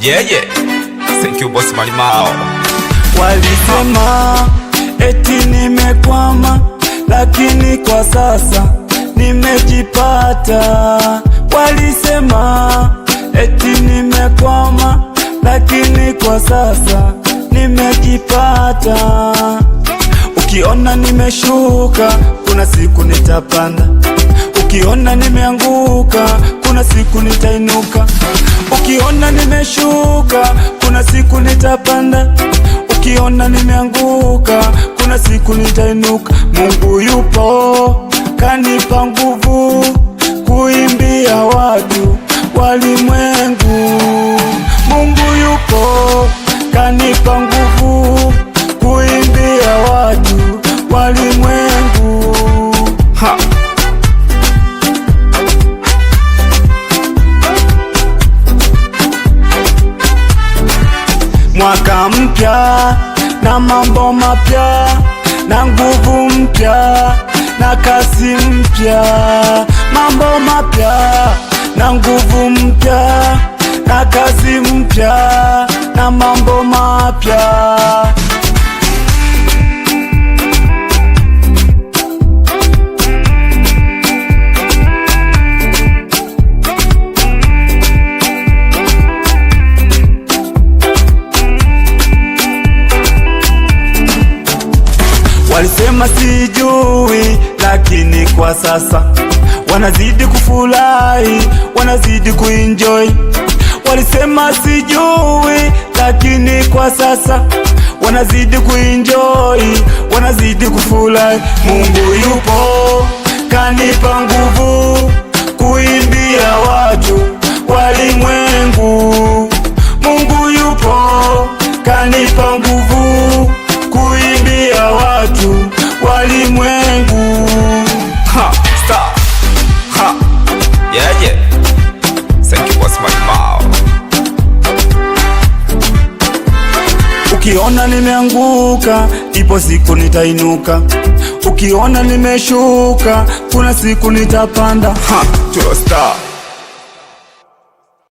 yeah, yeah. Thank you boss Malimao. Walisema eti nimekwama, lakini kwa sasa nimejipata. Walisema eti nimekwama, lakini kwa sasa nimejipata. Ukiona nimeshuka, kuna siku nitapanda. Ukiona nimeanguka, kuna siku nitainuka. Ukiona nimeshuka, kuna siku nitapanda. Ukiona nimeanguka, kuna siku nitainuka. Mungu yupo, kanipa nguvu kuimbia watu walimwengu. Mungu yupo, kanipa nguvu mwaka mpya na mambo mapya na nguvu mpya na kasi mpya, mambo mapya na nguvu mpya na kasi mpya na mambo mapya walisema sijui, lakini kwa sasa wanazidi kufurahi, wanazidi kuenjoy. Walisema sijui, lakini kwa sasa wanazidi kuenjoy, wanazidi kufurahi. Mungu yupo kanipa nguvu Yaje yeah, Ukiona nimeanguka, ipo siku nitainuka. Ukiona nimeshuka, kuna siku nitapanda. Ha, Tulo Star